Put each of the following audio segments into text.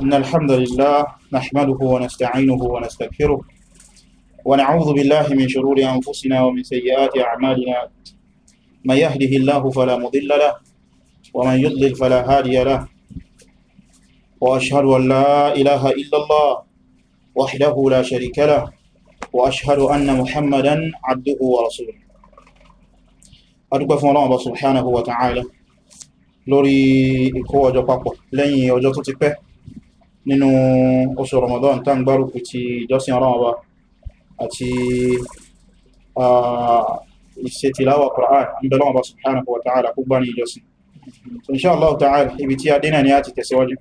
إن الحمد لله نحمده ونستعينه ونستغفره ونعوذ بالله من شرور أنفسنا ومن سيئات أعمالنا من يهده الله فلا مضل له ومن يضلل فلا هادي له وأشهد أن لا إله إلا الله وحده لا شريك له وأشهد أن محمدا عبده ورسوله أدوك فون الله سبحانه وتعالى لوري ìkó ọjọ́ papọ̀ يوجد ọjọ́ nínú oṣù Ramadan tá ń gbárùkù ti ìjọsìn ọlọ́run ọba àti ìṣètìláwà Qur'an ń bẹ lọ́wọ́ bá subhanahu wa ta'ala kó gbá ní ìjọsìn so insha Allah ta'ala ibi tí a dínà ni a ti tẹ̀síwájú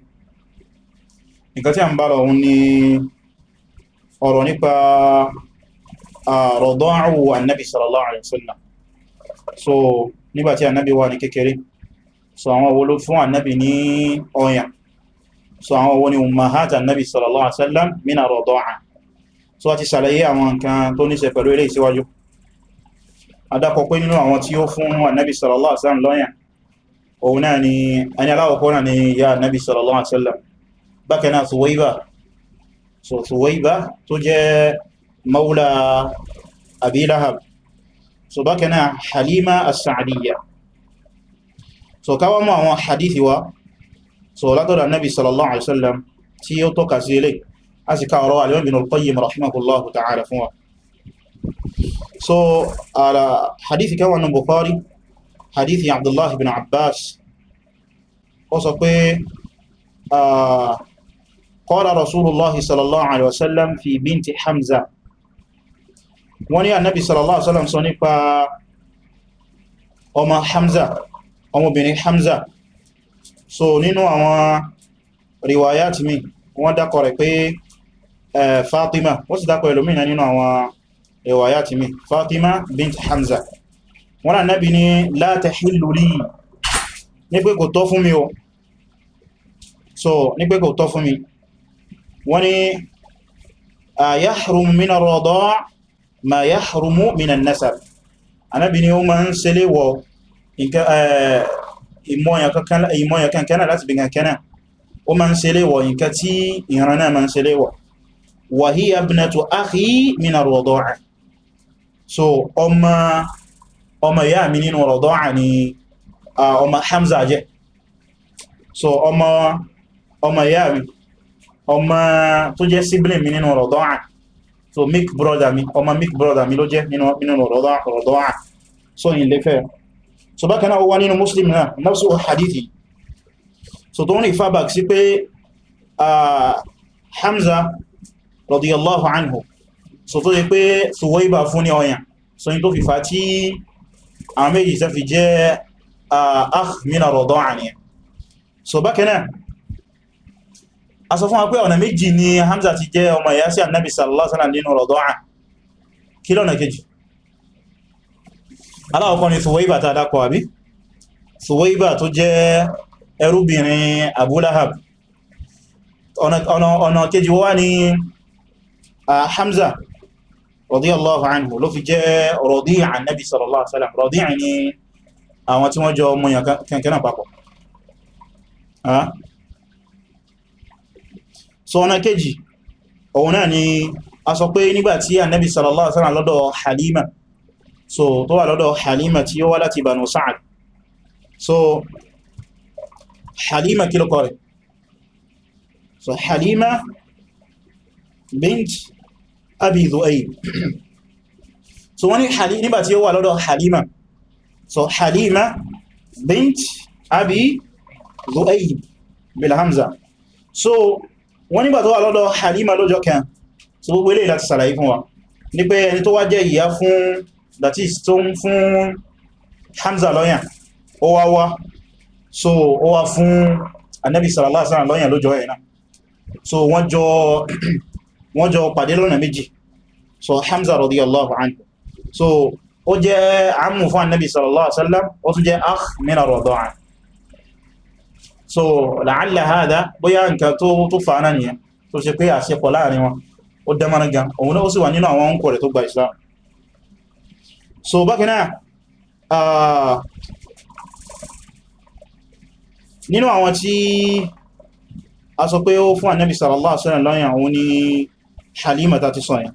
nǹkan tí a ń bá lọ ni ọ̀rọ̀ nípa rọ̀dọ́rù sallallahu alaihi wasallam so nígbàtí annabi wà ní kékeré so àwọn wo ló fún annabi ní so àwọn wọn ni ummahata nabi sallallahu alaihi wasallam mina rọ̀dọ́à so a ti ṣàlàyé àwọn nǹkan tó ní ṣe pẹ̀lú ilé ìsíwájú adakọ̀ pé nínú àwọn tí ó fún annabi sallallahu alaihi wasallam lọ́yàn òun náà ni ẹni aláwọ̀kọ́ náà ni ya annabi sallallahu alaihi wasallam bákan náà Suwaiba so Suwaiba Halima as so káwọn mọ́ àwọn hadithi wa so látọ̀dà nabi sallallahu alaihi wasallam tí ó tọ́ka sí ilé a sì ká ọ̀rọ̀ alimam bin al-qayyim rahimahullahu ta'ala fún wa so ara hadithi kan wannan bukhari hadithi abdullahi bin abbas ó sọ pé qala rasulullah sallallahu alaihi wasallam fi binti hamza wọ́n ní annabi sallallahu alaihi wasallam sọ nípa ọmọ hamza ọmọbìnrin hamza so nínú àwọn riwaya ti mi wọ́n dákọ̀ rẹ̀ pé Fatima wọ́n sì dákọ̀ ẹlòmínà nínú àwọn riwaya ti mi Fatima bint Hamza wọ́n náà nábi ní la tahillu li kò tọ́ fún mi o so ní pé kò tọ́ fún mi wọ́n ni yahrumu min ar-rada' ma yahrumu min an-nasab anábi ìmọ̀yàn kankan náà láti bí kankan náà ó ma ń ṣe léwọ̀ nǹkan tí ìran náà ma ń ṣe léwọ̀ wa hiya ibnatu akhi min so ọmọ ọmọ ìyá mi nínú rida'a ni ọmọ Hamza jẹ́ so ọmọ ọmọ ìyá mi ọmọ tó jẹ́ sibling mi nínú rida'a so mick brother mi ọmọ mick brother mi ló jẹ́ nínú rida'a so yìí lẹ́fẹ̀ẹ́ so bákaná ó wá nínú muslim náà nafsu hadithi so tó ní ìfàbàk sí pé hamza radiyallahu anhu so tó yẹ pé suwaiba fún ní ọyàn so yí tó fi fa tí àwọn méjì sẹ fi jẹ́ akh mina rọ̀dọ́ àníyàn so bákaná a sọ fún wa pé ọ̀nà méjì ni hamza ti jẹ́ ọmọ ìyá annabi sallallahu alaihi wasallam nínú rọ̀dọ́ à kí kejì aláwọ̀kọ́ ni Suwaiba ta dákọ̀ àbí Suwaiba tó jẹ́ ẹrúbìnrin Abu Lahab ọ̀nà kejì wá ní Hamza radiyallahu anhu ló fi jẹ́ radi'a annabi sallallahu alaihi wasallam radi'a ni àwọn tí wọ́n jọ múyàn kankaná papọ̀ so ọ̀nà kejì òun náà ni a sọ pé nígbàtí annabi sallallahu alaihi wasallam lọ́dọ̀ Halima so tó wà lọ́dọ̀ Halima tí ó wá láti Banu Sa'ad so Halima kí lókọ rẹ̀ so Halima bint Abi Dhu'ayb so wọ́n ní nígbà tí ó wà lọ́dọ̀ Halima so Halima bint Abi Dhu'ayb bil hamza so wọ́n nígbà tó wà lọ́dọ̀ Halima lọ́jọ́ kan so gbogbo eléyìí láti ṣàlàyé fún wa ní pé ẹni tó wá jẹ́ ìyá fún that is tó ń fún Hamza lọ́yàn ó wá wá so ó wá fún Ànábì sallallahu alaihi wasallam lọ́yàn lójọ́ ẹ̀ náà so wọ́n jọ wọ́n jọ pàdé lọ́nà méjì so Hamza radiyallahu anhu so ó jẹ́ amú fún Ànábì sallallahu alaihi wasallam ó tún jẹ́ akh min ar-radā'a so la'alla hada bóyá nǹkan tó tó fa náà nìyẹn tó ṣe pé àṣepọ̀ láàrin wọn ó dẹ́mọ́rán gan òun náà so bákanáà ah, nínú àwọn tí a sọ pé ó fún ànábì sallallahu alaihi wasallam lọ́yìn àwọn ní Halima ta ti sọ́yìn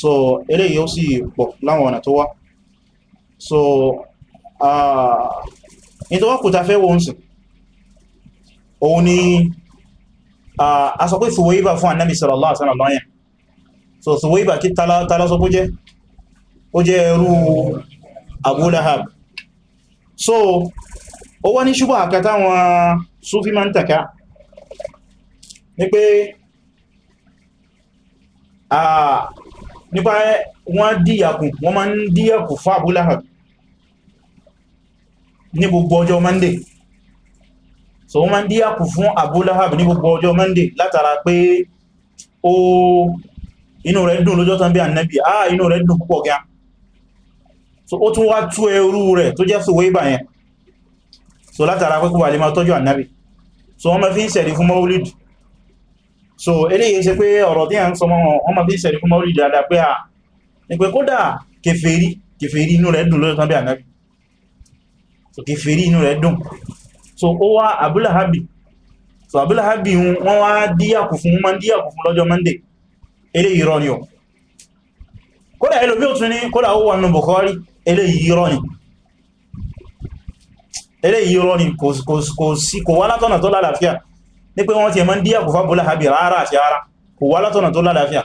so eléyìí ó sì pọ̀ láwọn ọ̀nà tó wá so ní ah, tó wá kùta fẹ́ wọ́n sí òun ni ah, a sọ pé Thuwayba fún ànábì sallallahu alaihi wasallam lọ́yìn so Thuwayba kí tálá sọ bó jẹ́ ó jẹ́ ẹrú Abu so ó wá ní ṣubú àkàtà wọn Sufi ma ń tàkà ní pé nípa wọ́n díyàkù wọ́n ma ń díyàkù fún Abu ní gbogbo ọjọ́ Monday so wọ́n ma ń díyàkù fún Abu Lahab ní gbogbo ọjọ́ Monday látara pé ó inú rẹ̀ dùn lọ́jọ́ tán bí Ànábì ah inú rẹ̀ dùn púpọ̀ gan so ó tún wá tú ẹrú rẹ̀ tó jẹ́ Suwayba yẹn so látara pẹ́kú wà lè máa tọ́jú ànábì so wọ́n ma fi ń sẹ̀rí fún maulid so eléyìí ṣe pé ọ̀rọ̀ tí a ń sọ wọ́n ma fi ń sẹ̀rí fún maulid dáadáa pé a ní pé kódà kèfèrí kèfèrí inú rẹ̀ dùn lóòtán bí ànábì so kèfèrí inú rẹ̀ so ó wá Abu so Abu Lahabi wọ́n wá díyàkù fún wọ́n ma ń díyàkù fún lọ́jọ́ Monday eléyìí rọ ni ọ kódà eléyìí irọ́ ni eléyìí irọ́ ni kò wá látọ̀nà tó lálàáfíà ní pé wọ́n ti ẹ̀mọ́ díyà kò fábúlá àbí rárá àti ara kò wá látọ̀nà tó lálàáfíà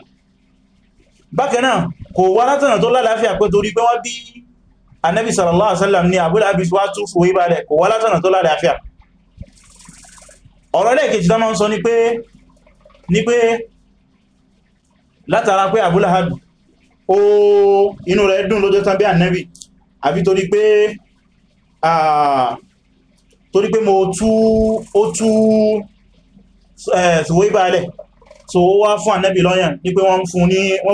bákan náà kò wá látọ̀nà tó lálàáfíà pé torí pé wọ́n bí Ànábì sallallahu alaihi wasallam ní àbúlá àbí wá tún fòwé balẹ̀ kò wá látọ̀nà tó lálàáfíà ọ̀rọ̀ lẹ́ẹ̀kejì tán máa ń sọ ni pé látara pé àbúlá àbí ó inú rẹ̀ dùn lọ́jọ́ tán bí ànẹ́bì àbí torí pé torí pé mo tú ó tú ṣòwò ìbálẹ̀ so ó wá fún ànẹ́bì lọ́yàn ní pé wọ́n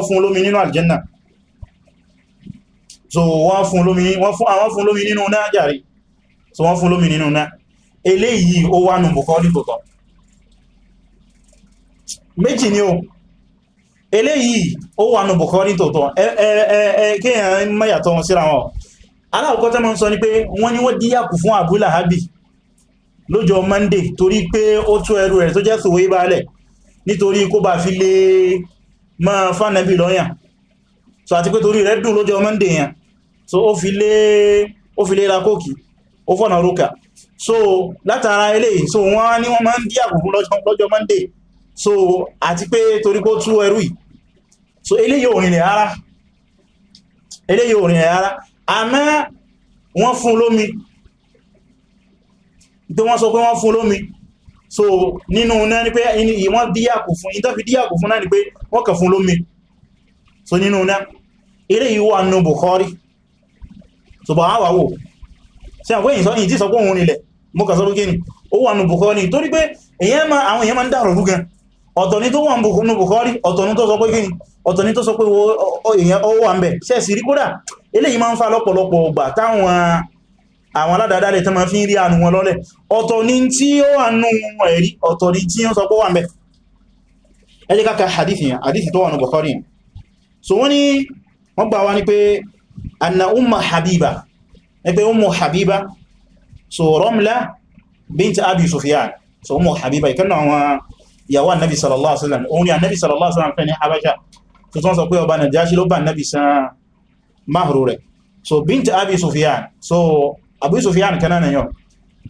fún lómi nínú aljanna so wọ́n fún lómi nínú náà jàrí so wọ́n fún lómi nínú náà eléyìí ó wá nù bùkọ́ ní bùkọ́ méjì ni o eléyìí ó wà nù Bukhari tòótọ́ kéèyàn mẹ́yàtọ̀ wọn síra wọn aláwọ̀kọ́ tẹ́ mọ́ ń sọ ní pé wọ́n ní wọ́n díyàkù fún Abu Lahabi lọ́jọ́ Monday torí pé ó tú ẹrù rẹ̀ tó jẹ́ sòwé balẹ̀ nítorí kó bá fi lè mọ́ fánẹ́bì lọ́yàn so àti pé torí rẹ̀ dùn lọ́jọ́ Monday yẹn so ó fi lé ó fi lé ra kókì ó fọ̀nà rókà so so wọ́n ní wọ́n máa ń Monday so àti pé torí kó tú ẹrú yìí so eléyìí òrin rẹ̀ ara eléyìí òrin rẹ̀ ara àmọ́ wọ́n fún lómi tí wọ́n sọ pé wọ́n fún lómi so nínú náà ni pé ìwọ́n díyàkù fún ìtọ́fi díyàkù fún náà ni pé wọ́n kà fún lómi so nínú náà eléyìí wà nínú Bukhari so bá wà wò sí àwọn èyí tí sọ pé òun nílẹ̀ mọ́kà sọ́rọ̀ gẹ́ni ó wà nínú Bukhari torí pé èyàn ma àwọn èyàn ma ń dárò rú gan ọ̀tọ̀ ní tó wọ́n bùkúnnú Bukhari ọ̀tọ̀ ní tó sọ pé kí ni ọ̀tọ̀ ní tó sọ pé èèyàn ó wà ń bẹ̀ ṣẹ́ẹ̀sì rí kódà eléyìí máa ń fa lọ́pọ̀lọpọ̀ ọgbà táwọn àwọn aládàádáa lè tán máa fi ń rí àánú wọn lọ́lẹ̀ ọ̀tọ̀ ní tí ó wà nú ẹ̀rí ọ̀tọ̀ ní tí ó sọ pé wà ń bẹ̀ ẹ jẹ́ ká ka yẹn hadith tó wà nú Bukhari yẹn so wọ́n ní wọ́n gbà wá ní pé anna umma habiba ní pé ummu habiba so romla bint abi Sufyan so umma habiba ìkànnà àwọn ìyàwó ànábì sallallahu alaihi wasallam òun ni ànábì sallallahu alaihi wasallam fẹ́ ní habasha tó tún sọ pé ọba najashi ló bá ànábì san mahru so bint abi sufyan so abu sufyan kan náà yọ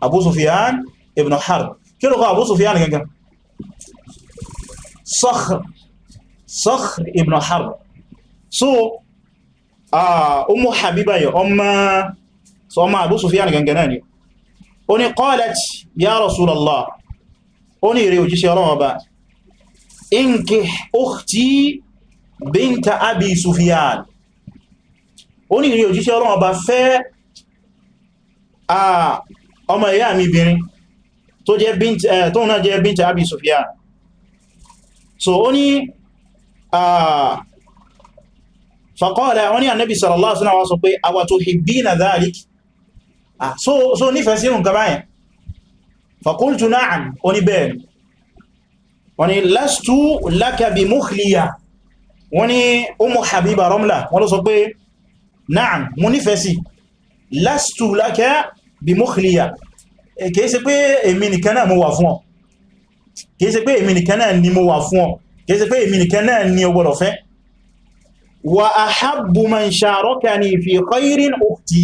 abu sufyan ibn harb kí ló kọ abu sufyan gangan sakhr sakhr ibn harb so umu habiba yọ so ọmọ abu sufyan gangan náà ni ó ní qalat ya rasulallah ó ní ìrẹ òjíṣẹ́ ọlọ́run ọba inkih ukhti binta abi Sufyan ó ní ìrẹ òjíṣẹ́ ọlọ́run ọba fẹ́ ọmọ ìyá mi bìnrin tó náà jẹ́ binta abi Sufyan so ó ní faqala wọ́n ní annabi sallallahu alaihi wasallam sọ pé àwa tuhibbina dhalik so nífẹ̀ẹ́ sí nǹkan báyẹn fàkúntù náà oní bẹ́ẹ̀ wọ́n ni lẹ́stù lákàbí múkìlíyà wọ́n ni umu habiba romla wọ́n ló sọ pé náà mú nífẹ̀ẹ́ sí lẹ́stù lákàbí múkìlíyà e, kìí ṣe pé èmi nìkan náà mo wà fún ọ kìí ṣe pé èmi nìkan náà ni mo wà fún ọ kìí pé èmi nìkan náà ni o gbọ́dọ̀ fẹ́ wa ahabbu man sharakani fi khairin ukhti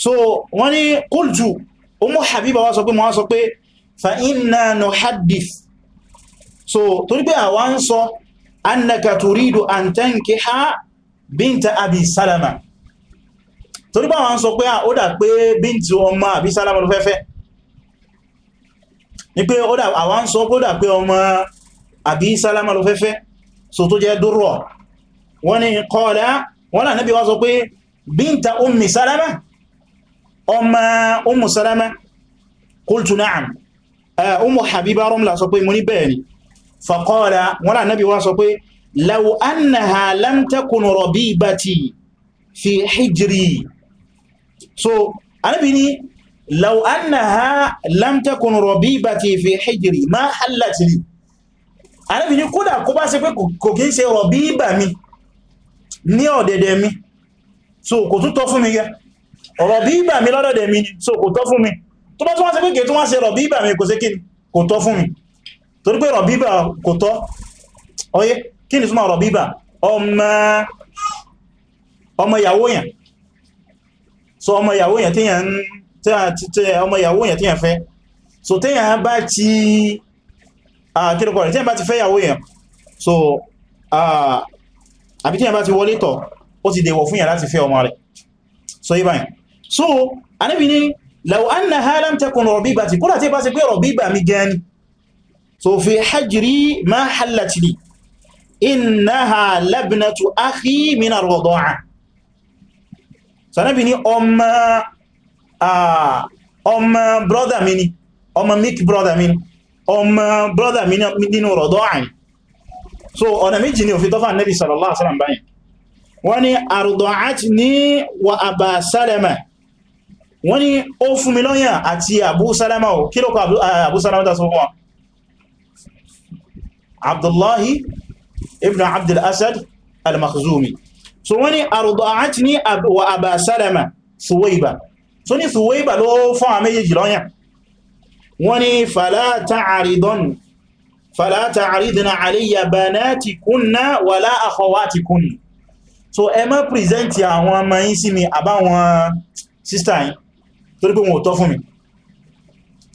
so wọ́n ní qultu Ummu Habiba wá sọ pé wọ́n sọ pé fa inna nuhaddith so torí pé àwa ń sọ annaka turidu an tankiha binta abi salama torí pé àwa ń sọ pé ah, ó dà pé binti ọmọ abi salama ló fẹ́fẹ́ ní pé àwa ń sọ pé ó dà pé ọmọ abi salama ló fẹ́fẹ́ so tó jẹ́ dúró wọ́n ní qala wọ́n náà Nábì wá sọ pé binta ummi salama ọmọ Ummu Salama qultu na'am Ummu Habiba Rumla sọ pé mo ní bẹ́ẹ̀ ni faqala wọ́n Ànábì wá sọ pé law annaha lam takun rabibati fi hijri so Ànábì ní law annaha lam takun rabibati fi hijri ma hallat li Ànábì ní kódà kó bá ṣe pé kò kí ń ṣe rọ̀bíbà mi ní ọ̀dẹ̀dẹ̀ mi so kò tún tọ́ fún mi yẹ́ ọ̀rọ̀ bí ìgbà mi lọ́dọ̀ dẹ̀ mi ni so kò tọ́ fún mi tó bá tún wá sí pé kìí tún wá sí ọ̀rọ̀ bí ìgbà mi kò sí kí kò tọ́ fún mi torí pé ọ̀rọ̀ bí ìgbà kò tọ́ ọyé kí súnmọ́ ọ̀rọ̀ bí ìgbà ọmọ ìyàwó yẹn so ọmọ ìyàwó yẹn tíyàn ọmọ ìyàwó yẹn tíyàn fẹ́ so tíyàn bá ti àkírọkọ̀ rẹ̀ tíyàn bá ti fẹ́ ìyàwó yẹn so àbí tíyàn bá ti wọlé tọ̀ ó ti dèwọ̀ fún yàn láti fẹ́ ọmọ rẹ̀ so yí báyìí so anábi ni law annaha lam takun rabibati kódà tí bá ṣe pé rabiba mi gẹni so fi hajri ma hallat li innaha labnatu akhi min ar-rida'a so anábi ni ọmọ ọmọ brother mi ni ọmọ milk brother mi ni ọmọ brother mi nínú rida'a so ọ̀nà méjì ni òfin tọ́fà nẹ́bí sallallahu alaihi wasallam báyìí wọ́n ni àrùdọ̀á ti wọ́n ní ó fún mi lọ́yàn àti Abu Salama ò kí lókọ eh, Abu Salama tàbí wọn Abdullahi ibn Abdul Asad al-Makhzumi so wọ́n ní àrùdọ̀áti ní wa Aba Salama Suwaiba so ní Suwaiba ló fún àmì yìí lọ́yàn wọ́n ní fala ta'aridna alayya banatikunna wala akhawatikunna so ẹ má present àwọn ọmọ yín sí mi àbáwọn torí pé wọn ò tọ́ fún mi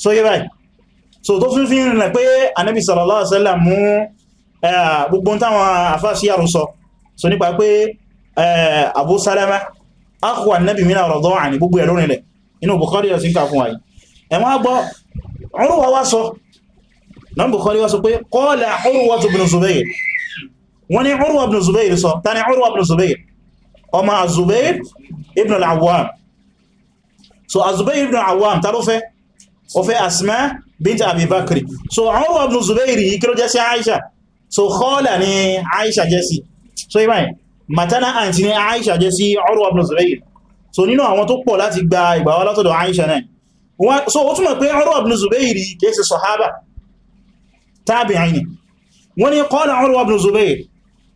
so yẹ́ báyìí so tó fún fi ń rìnlẹ̀ pé Ànábì sallallahu alaihi wasallam mú gbogbo táwọn àfáàsí yàrù sọ so nípa pé Abu Salama akhu Ànábì mina rada'ani gbogbo ẹ̀rọ rìnlẹ̀ inú Bukhari yóò sí ń kà fún wa yìí ẹ̀wọ́n gbọ́ Urwa wá sọ náà Bukhari wá sọ pé qala Urwa ọmọ Zubayr ibn al-Awwam so azubair ibn awam ta ló fẹ́ asma bint abi bakri so awam ibn zubair yìí kí aisha so khala ni aisha jẹ́ sí so ibrahim matana aunty ni aisha jẹ́ sí urwa ibn zubair so nínú àwọn tó pọ̀ láti gba ìgbà wá látọ̀dọ̀ aisha náà so ó túnmọ̀ pé urwa ibn zubair yìí kìí ṣe sahaba tabi'in ni wọ́n ní qala urwa ibn zubair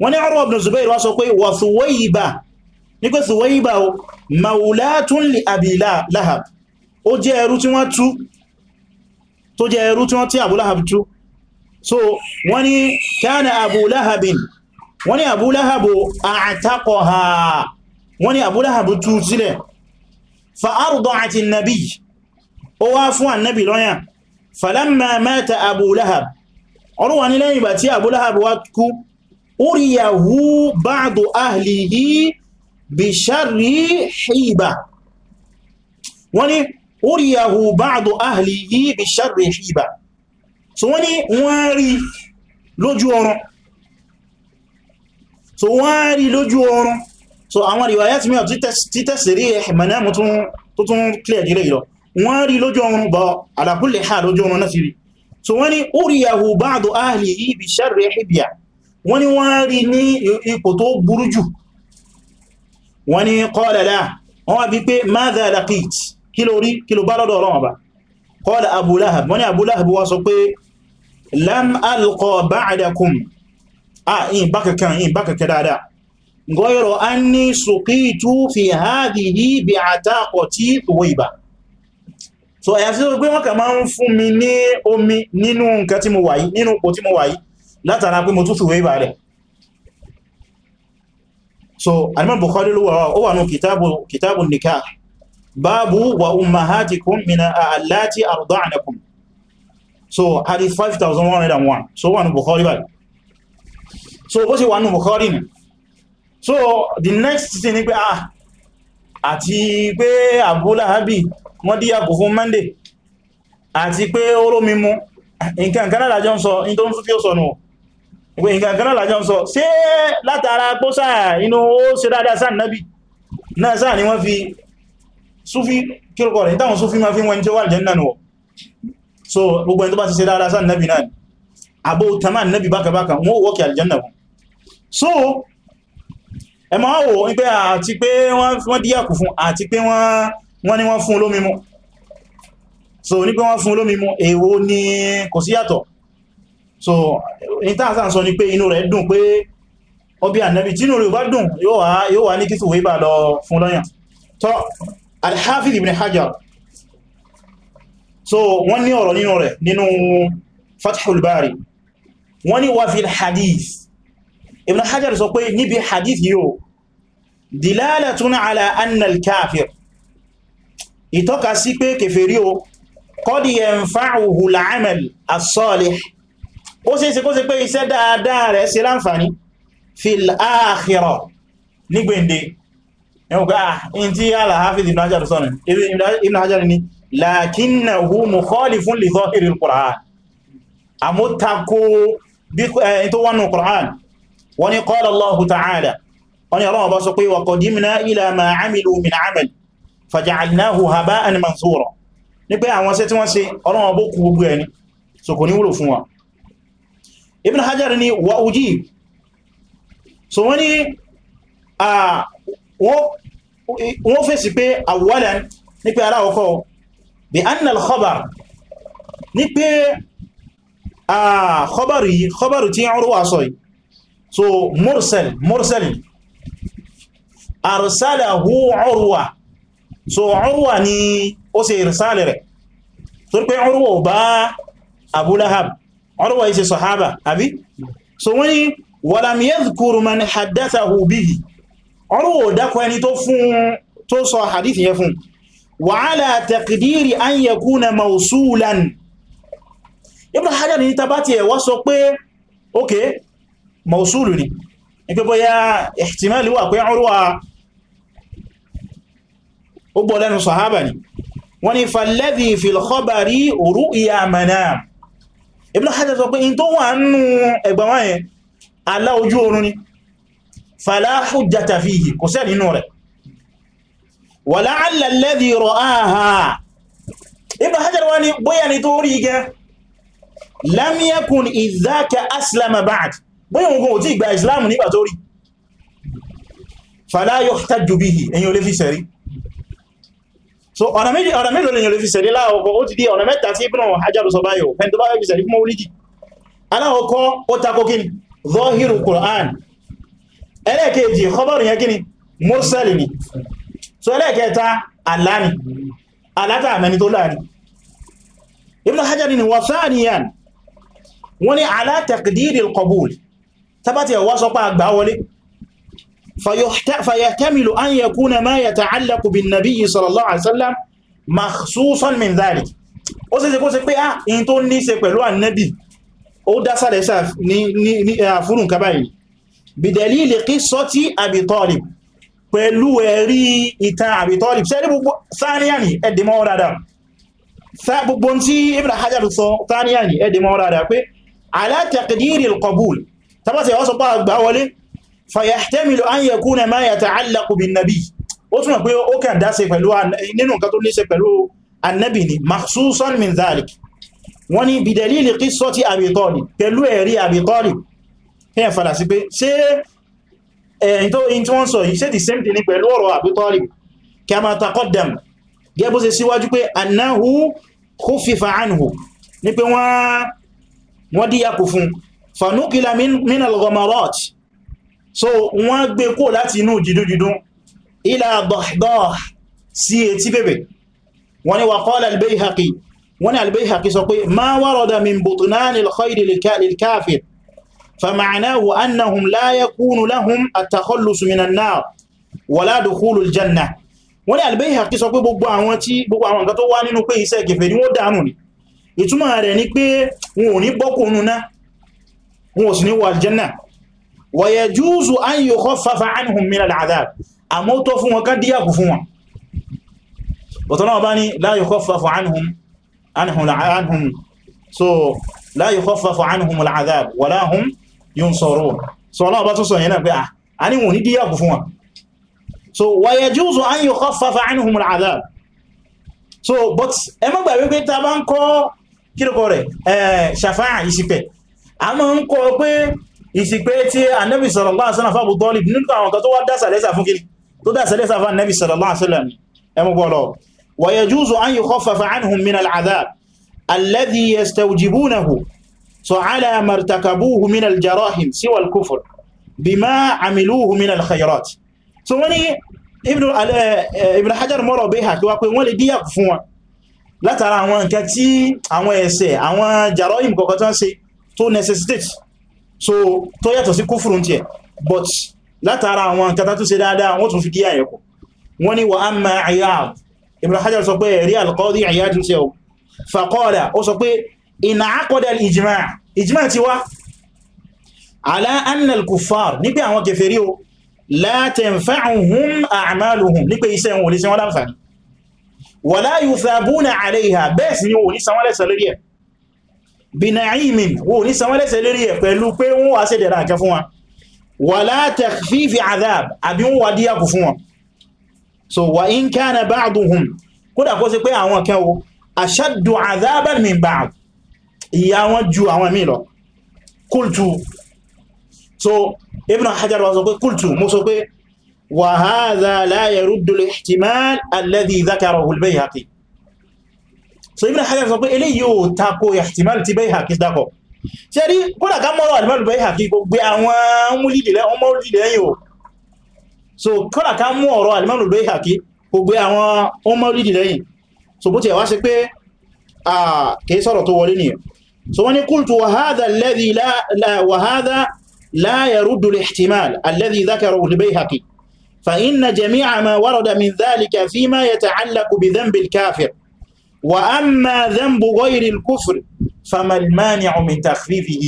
wọ́n urwa ibn zubair wá sọ pé wa thuwayba ní pé Suwayba o maulatun li Abi Lahab ó jẹ́ ẹrú tí wọ́n tú tó jẹ́ ẹrú tí wọ́n tí Abu tú so wọ́n ní kana Abu Lahabin wọ́n ní Abu Lahab a'taqaha wọ́n ní Abu Lahab tú sílẹ̀ fa arda'ati an-nabi ó wá fún annabi lọ́yàn falamma mata Abu Lahab ọ̀rún wà bí ṣarri hìbà wọ́n ní oríyàwó báàdù ahìlì yìí bí ṣarri hìbà so wọ́n ní wọ́n rí lójú ọrùn so wọ́n rí lójú ọrùn so àwọn riwaya ti mẹ́ọ̀ títẹ̀sìrí ẹ̀mẹ̀nà tó tún clear jílẹ̀ ìlọ wọ́n rí lójú ọrùn bọ̀ ala kulli lójú ọrùn náà ti so wọ́n ní oríyàwó báàdù ahìlì yìí bí ṣarri hìbà wọ́n ní wọ́n rí ní ipò tó burú jù wọ́n ní qala la wọ́n wá bí pé madha laqit kí ló rí kí ló bá lọ́dọ̀ ọlọ́run ọba qala Abu Lahab wọ́n ní Abu Lahab wá sọ pé lam alqa ba'dakum a in bá kankan in bá kankan dáadáa gọ́yọ̀rọ̀ an ní suqitu fi so alimọ́ bukhari ló wà wà ní kitabu nikah babu wa ummahatikum mina allati arda'nakum so hadith 5101 so wà ní bukhari báyìí so ó sì wà ní bukhari ni so the next thing ni pé ah àti pé Abu Lahabi wọ́n díyà kò fún monday àti pé ó rómi mú nǹkan kanáà jọ ń sọ in tó ń súnfí ó sọ nù ìgbìyànkanáà lájọ́ sọ ṣe látara pọ́ sáà inú ó ṣe dáadáa sáà nábi náà sáà ni wọ́n fi súfí kílùkọ̀ rẹ̀ ìtàwọn súfí ma fi wọ́n jẹ́ náà wọ́ so gbogbo ẹni tó bá ti ṣe dáadáa sáà nábi náà àbó tamá nábi bákabáka wọ́n so ẹ máa wò ní pé àti pé wọ́n so ní pé wọ́n fún olómi mu so intansa sọ ni pé inú rẹ̀ dùn pé ọbí ànẹ́bí tí inú rẹ̀ bá dùn yóò wá ní kí sùwé bá lọ fún lọ́yàn tó al-Hafiz ibn Hajar so wọ́n ní ọ̀rọ̀ nínú rẹ̀ nínú Fathul Bari wọ́n ní wá fi hadith ibn Hajar sọ pé níbi hadith yóò dilalatun ala annal kafir ìtọ́ka sí pé kèfèrí o qad yanfa'uhu al-amal as-salih ó ṣe é ṣe kó ṣe pé iṣẹ́ dáadáa rẹ̀ ṣe láǹfàní fil akhirah ní gbèǹde ẹ̀wọ̀gá ah, in tí yàlá hafiz ibn hajar sọ́nà ibn hajar ni lakinnahu mukhalifun li zahiri al-qur'an amutako bí ẹni tó wọnú qur'an wọ́n ni qala allahu ta'ala wọ́n ni ọlọ́wọ́ bá sọ pé wa qadimna ila ma amilu min amal faja'alnahu haba'an mansura ní pé àwọn ṣe wọ́n ṣe ọlọ́wọ́ bó kú gbogbo ẹni so kò ní wúlò fún wa ibn hajar ni wa ujib so wọ́n ni wọ́n fèsì pé awwalan ní pé ara ọkọ̀ bí anna al-khabar ní pé khabaru yìí khabaru tí Urwa sọ yìí so mursal mursal arsalahu Urwa so Urwa ni ó ṣe irsal rẹ̀ torí Urwa bá Abu Lahab Urwa ìṣe sọ̀hábà àbí so wọ́n ni walam yadhkur man haddathahu bihi Urwa ò dákọ ẹni tó fún tó sọ hadith yẹ fún wa ala taqdiri an yakuna mawsulan Ibn Hajar ní tàbátí ẹ̀wọ́ sọ pé ok mawsulu ni ẹgbẹ́ bóyá ihtimali wà pé Urwa ó gbọ́ lẹ́nu sọ̀hábà ni wọ́n ni falladhi fil khabari ru'ya manam Ibn Hajar sọ pé in tó wà nínú ẹgbàmá yẹn alá ojú oorun ni fala hujjata fihi kò sẹ́ nínú rẹ̀ wa la'alla alladhi ra'aha Ibn Hajar wá ní bóyá ni tó rí gẹ́ lam yakun idhaka aslama bóyá ogun ò tí ìgbà islam nígbà tó rí fala yuhtajju fi sẹ̀rí so ọ̀nà méjì ọ̀nà mélòó lèyàn lè fi sẹ̀rí láàkọ́kọ́ ó ti di ọ̀nà mẹ́ta tí Ibnu Hajar sọ báyìí fẹ́n tó bá yóò fi sẹ̀rí fún mọ́wúlìdì alákọ̀ọ́kọ́ ó takò kí ni zọ́hírù Qur'an ẹlẹ́ẹ̀kejì khabaru yẹn kí ni mursali ni so ẹlẹ́ẹ̀kẹta àlá ni àlátà tó láàrin Ibnu Hajar ni wọ́n ni ala taqdiril qabul tabbatẹ̀ فيحتمل أن يكون ما يتعلق بالنبي صلى الله عليه وسلم مخصوصا من ذلك ó ṣe ṣe kó ṣe pé ah in tó ní ṣe pẹ̀lú annabi ó dásàlẹ̀ sá ní àfúrùn kaba yìí bidalili qissati Abi Talib pẹ̀lú ẹ̀rí ìtàn Abi Talib sẹ́rí gbogbo sáníyàní ẹ̀dẹ̀mọ́ dáadáa gbogbo tí Ibn Hajar sọ sáníyàní ẹ̀dẹ̀mọ́ fàyàtẹ́mìlò an yẹ kúnẹ̀ máa yàtà alákùbin nabi ó túnmọ̀ pé ó kàn dáse pẹ̀lú nínú nǹkan tó léṣe pẹ̀lú annabi ni maksusan min zalik wọ́n ni bidalili kíso ti abitoli pẹ̀lú ẹ̀rí abitoli kíyàn fàdà sí pé ṣe ẹ̀yìn tó in tí wọ́n sọ yìí ṣe the same thing pẹ̀lú ọ̀rọ̀ abitoli kama taqaddam gẹ́ bó díyàkù fún fanukila min al-ghamarat so wọ́n gbé kó láti inú jìdújìdún ilá dahdah sí etí bèbè wọ́n ni wa qala al-Bayhaqi wọ́n ni al-Bayhaqi sọ pé ma warada min butnani al-khayri lil-kafir فمعناه لا يكون لهم التخلص من النار ولا دخول الجنة wọ́n ní Al-Bayhaqi sọ pé gbogbo àwọn tí gbogbo àwọn nǹkan tó wá nínú pé iṣẹ́ kèfè ní wọ́n ò ní ní wọ al wa yajuzu an yukhaffafa anhum min al-adhab àmọ́ tó fún wọn ká díyàkù fún wọn bọ̀tọ̀nà ọba ni la yukhaffafu anhum anhum so la yukhaffafu anhum al-adhab wala hum yunsarun so ọlọ́ọ̀bá tó sọ yẹn pé ah, a ní wọn ní fún wọn so but ẹ má gbà wípé ta bá ń kọ́ kíríkọ rẹ̀ a máa ń kọ́ pé ìsìgbé tí annabi sallallahu alaihi wasallam fábù tọ́lì nínú àwọn kan tó wá dásàlẹ́sà fún kí tó dásàlẹ́sà fún annabi sallallahu alaihi wasallam ẹmùgbọ́lọ̀ wa yajuzu an yukhaffafa anhum min al'adhab alladhi yastawjibunahu so wani eh, eh, ibn hajar mọ́rọ̀ bí hàkí wá pé wọ́n lè díyà fún wọn látara àwọn nǹkan tí àwọn ẹ̀ṣẹ̀ àwọn jarahim kọ̀kọ̀ tó necessitate so tó yàtọ̀ sí kúfùrù tí ẹ̀ but látara àwọn kata tó ṣe dáadáa wọ́n tún fi díyà yẹ̀kù wọ́n ni wa amma Iyad Ibn Hajar sọ pé ẹ̀rí al-Qadi Iyad ṣe ọ faqala ó sọ pé ina aqada al-ijma' ijma' ti wá ala anna al-kuffar ní pé àwọn kèfèrí bìnàímin wò ní sanwọ́lẹ́sẹ̀ lérí ẹ̀ pẹ̀lú pé wọ́n wá sí dẹ̀ra àkẹ́ fún wọn wala takhfifi azab àbí wọ́n wá díyàkù fún wọn so wa in kana ba'duhum kódà kó sí pé àwọn kan wo ashaddu azaban min so ibn hajar wa sọ pé kultu mo sọ pé wa hadha la so Ibn Hajar sọ pé eléyìí ò tako ihtimal ti Bayhaqi dákọ̀ ṣe rí kódà ká mọ́rọ̀ alimalu Bayhaqi gbogbo àwọn múlìdìlẹ̀ ọmọ múlìdìlẹ̀ yìí o so kódà ká mú ọ̀rọ̀ alimalu Bayhaqi gbogbo àwọn ọmọ múlìdìlẹ̀ yìí so bó ti wá ṣe pé kìí sọ̀rọ̀ tó wọlé nìyẹn so wọ́n ni qultu wa hadha alladhi wa hadha la yaruddu al-ihtimal alladhi dhakarahu al fa inna jami'a ma warada min dhalika fima yata'allaqu bi dhanbi kafir وأما ذنب غير الكفر فما المانع من تخفيفه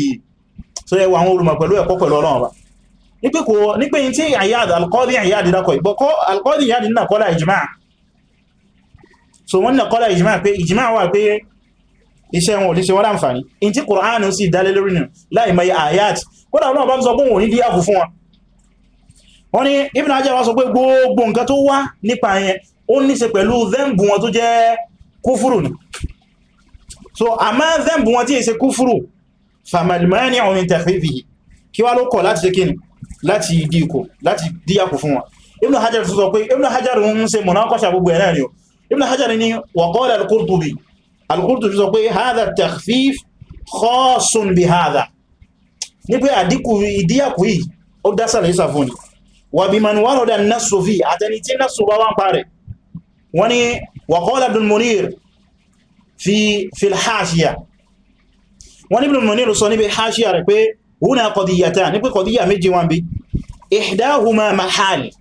so yẹ wọ àwọn olùmọ̀ pẹ̀lú ẹ̀kọ́ pẹ̀lú ọlọ́run ọba nípe kò nípe yìí tí àyáàdì alkọ́dí àyáàdì dákọ̀ ìgbọ́kọ́ alkọ́dí àyáàdì náà kọ́lá ìjìmá so wọ́n náà kọ́lá ìjìmá pé ìjìmá wà pé iṣẹ́ wọn ò lè ṣe wọ́n láǹfààní in tí kùránù sì dálé lórí nù láì mọ̀ àyáàdì kódà ọlọ́run bá ń sọ pé òun ní díyà fún wọn wọ́n ní Ibn Hajar wá sọ pé gbogbo nǹkan tó wá nípa yẹn ó ní ṣe pẹ̀lú zẹ́ǹbù wọn tó jẹ́ kúfúrù ni so a máa zẹ́mbù wọn tí è ṣe kúfúrù fàmàlìmáyàní àwọn ìtàfífì kí wá ló kọ̀ láti ṣe kíni láti dí ikò láti díyàkù fún wọn ibn hajar tó sọ pé ibn hajar ń ṣe mọ̀nákọ́ṣà ni ibn hajar ni wa al-Qurtubi al-Qurtubi sọ pé hadha at-takhfif khassun bi hadha ní pé àdíkù ni wà bí man warada an-nassu fi àtẹni tí nassu wọ́n ni وقال ابن المنير في في الحاشية وان ابن المنير صني بحاشية ركبه هنا قضيتان نبي قضية ميجي وان بي إحداهما محال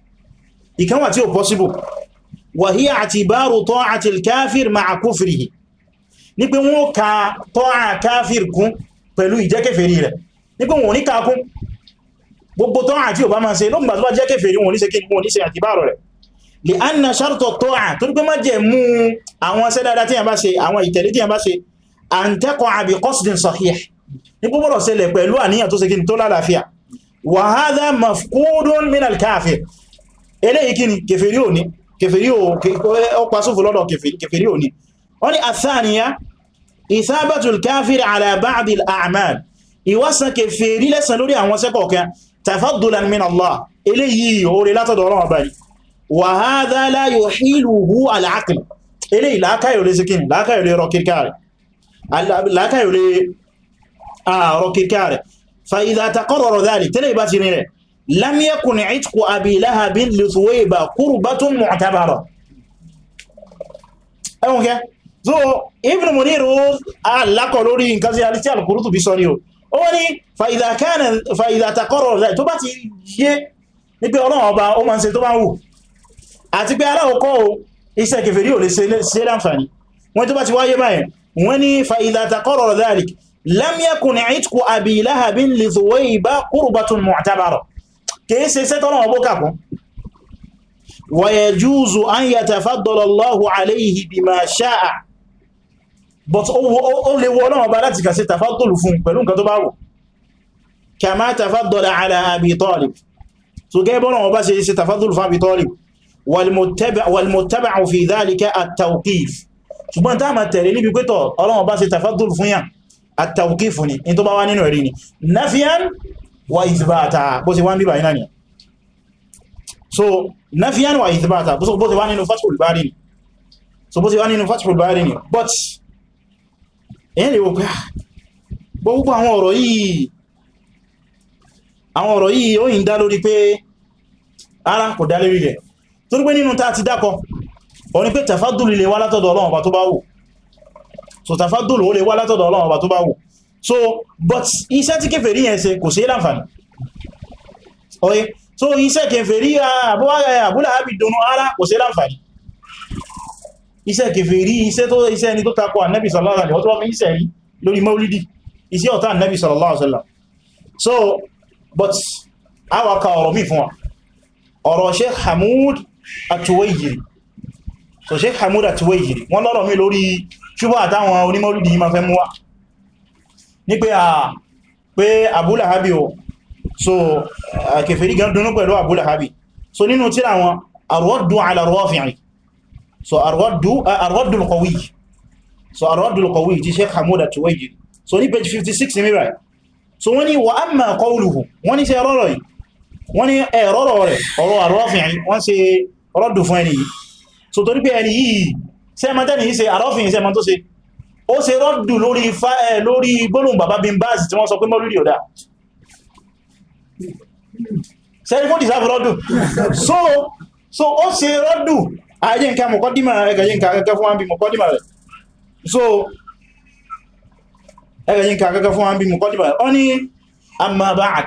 يكون واتي possible وهي اعتبار طاعة الكافر مع كفره نبي مو كا طاعة كافر كون pẹ̀lú ìjẹ́kẹfẹ̀rí rẹ̀ nígbé wọn ní káàkún gbogbo tán àti ò bá máa ṣe lọ́gbàtí wá jẹ́kẹfẹ̀rí wọn ní ṣe kí ní ṣe àtibárò rẹ̀ lè á na ṣàrùtọ̀ tó à tó ní pé má jẹ́ mú àwọn ṣẹ́ dáadáa tí yàn bá ṣe àwọn ìtẹ̀lé tí yàn bá ṣe à ń tẹ́kọ̀ àbí kọ́sìdìn sahih ní púpọ̀rọ̀ ṣẹlẹ̀ pẹ̀lú àníyàn tó ṣe kí ni tó lálàáfíà wa hadha mafqudun min al-kafir eléyìí kí ni kèfèrí òní kèfèrí ọpa wàhádá láyò hìlúhú aláàkìlì ilé ìlàákàyò lè síkín láàkàyò lè rọ kíkà rẹ̀ fa'idá takọ́rọ̀rọ̀ dáàlì tẹ́lẹ̀ ìbá ti rẹ̀ lámíẹ́kùn ìtìkù àbìláhàbín lùtùwẹ́bà kúrùbátún mọ̀tàbàrọ̀ ẹwọ́n kẹ́ so ibn munir alákọ̀ lórí nǹkan sí alìtí alìkúrútù bí sọ ni o ó wọ́n ni fa'idá takọ́rọ̀rọ̀ dáàlì tó bá ti yé ní pé ọlọ́run ọba ó àti pé aláwọ̀kọ́ o iṣẹ́ kèfèrí ò lè ṣe láǹfààní wọ́n tó bá ti wáyé báyẹn wọ́n ní fa'idha taqarrara dhalik lam yakun 'itqu abi lahabin li dhuwayba qurbatun mu'tabara kìí ṣe iṣẹ́ tọ́lọ́wọ́ bó kàkún kama tafaddala 'ala abi talib so gẹ́gẹ́ bọ́nà wọ́n bá ṣe iṣẹ́ tafaddulu abi talib والمتبع في ذلك التوقيف ṣùgbọ́n tá ma tẹ̀lé níbi pẹ́tọ̀ ọlọ́wọ́n bá ṣe tafadul fún yàn àtàwùkífù ni in tó bá wá nínú ẹ̀rí ni nafiyan wa ìsìbáta bó ṣe wá ń bíbà iná ni so nafiyan wa ìsìbáta bó ṣe wá nínú fathul bari ni so bó ṣe wá nínú fathul torí pé nínú ta ti dákọ ó ní pé tafadùlù lè wá látọ̀dọ̀ Ọlọ́run ọba tó bá wù so tafadùlù ó lè wá látọ̀dọ̀ Ọlọ́run ọba tó bá wù so but iṣẹ́ tí kèfèrí yẹn ṣe kò sí láǹfààní oye so iṣẹ́ kèfèrí àbúlà àbí dunu ara kò sí láǹfààní iṣẹ́ kèfèrí iṣẹ́ tó iṣẹ́ ẹni tó takọ ànábì sallallahu alaihi wasallam fi iṣẹ́ rí lórí maulidi iṣẹ́ ọ̀tá ànábì sallallahu alaihi wasallam so but awaka ọ̀rọ̀ mi fún wa ọ̀rọ̀ Sheikh Hamoud àtúwẹ́yìrì so Sheikh Hamud àtúwẹ́yìrì wọ́n lọ́rọ̀ mi lórí ṣúgbọ́ àtàwọn onímọ̀lúdì yìí ma fẹ́ mú wá ní pé àà pé o so kèfèrí gan dúnú pẹ̀lú Abu Lahabi so nínú tíra wọn arwaddu ala Rafi'i so arwaddu arwaddu al-qawi so arwaddu al-qawi ti Sheikh Hamud àtúwẹ́yìrì so ní 56 ní so wọ́n ni wa amma wọ́n ní ẹ̀rọ̀rọ̀ rẹ̀ ọ̀rọ̀ àrọ́fìn wọ́n ṣe rọ́dù fún ẹni yìí so torí pé ẹni yìí sẹ́mọ́tẹ́ni yìí se àrọ́fìn sẹ́mọ́ tó ṣe ó ṣe rọ́dù lórí gbólóhùn bàbá bí n bá sì tí wọ́n sọ pé mọ́lúrí ọ̀dá sẹ́rí fún ìsáfù rọ́dù so so ó ṣe rọ́dù ayé nǹkan mọ̀kọ́dímà ẹgbẹ̀yìn kàkẹ́kẹ́ fún wọn bí mọ̀kọ́dímà rẹ̀ so ẹgbẹ̀yìn kàkẹ́kẹ́ fún wọn bí mọ̀kọ́dímà rẹ̀ ọ ní amma ba'd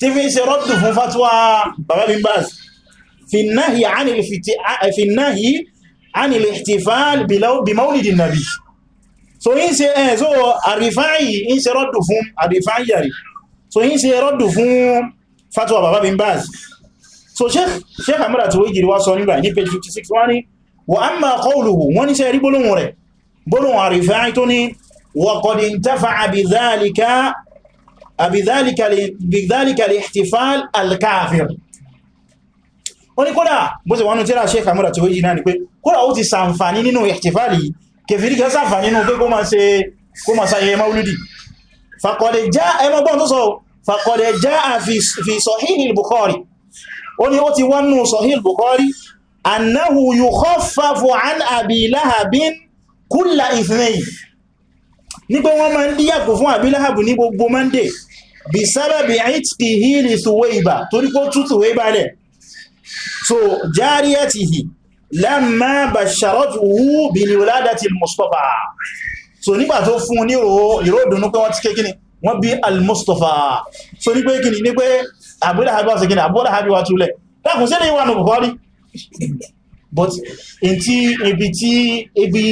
tí fi ń ṣe rọ́dù fún fatuwa bàbá bin baz fi náhì ánìlì ìtìfààlì bí maulidin nabi so yí ṣe ẹ̀ eh, so àrífáyì ń ṣe rọ́dù fún àrífáyì àrí so yí ṣe rọ́dù fún fatuwa bàbá bin baz so sheikh amira tí ó yìí wá sọ nígbà ní page 56 wọ́n ni wa amma qawluhu wọ́n ni ṣe rí gbólóhùn rẹ̀ gbólóhùn àrífáyì tó ní wa qad intafa'a bi بذلك الاحتفال الكافر ó ní kódà bó ti wọnú tíra ṣe kàmúrà tó wéjì náà ni pé kódà ó ti sàǹfàní nínú ìhìtìfàlì kèfìrí kẹ́ sàǹfàní nínú pé kó ma ṣe kó ma sáyẹ maulidi fàkọ̀dẹ̀ já ẹmọgbọ́n tó sọ fàkọ̀dẹ̀ já a fi sọ̀híhì bukhari ó ní ó ti wọnú sọ̀híhì bukhari annahu yukhaffafu an abi lahabin kulla ithnain ní pé wọ́n ma ń díyàkù fún abi lahabu ní gbogbo monday bí sábàbí àìtìkì hìlì Thuwayba torí kó tú Thuwayba lẹ̀ so jariyatihi lamma basharatuhu bil wiladati al-Mustafa so nígbà tó fún ní ìró ìdùnnú pé wọ́n ti kékíní wọ́n bí al so ní pé kíní ní pé àbúdáhàbí wà sí kíní àbúdáhàbí wà túlẹ̀ dákùn sí ní ìwà nù Bukhari but in ti ibi ti ibi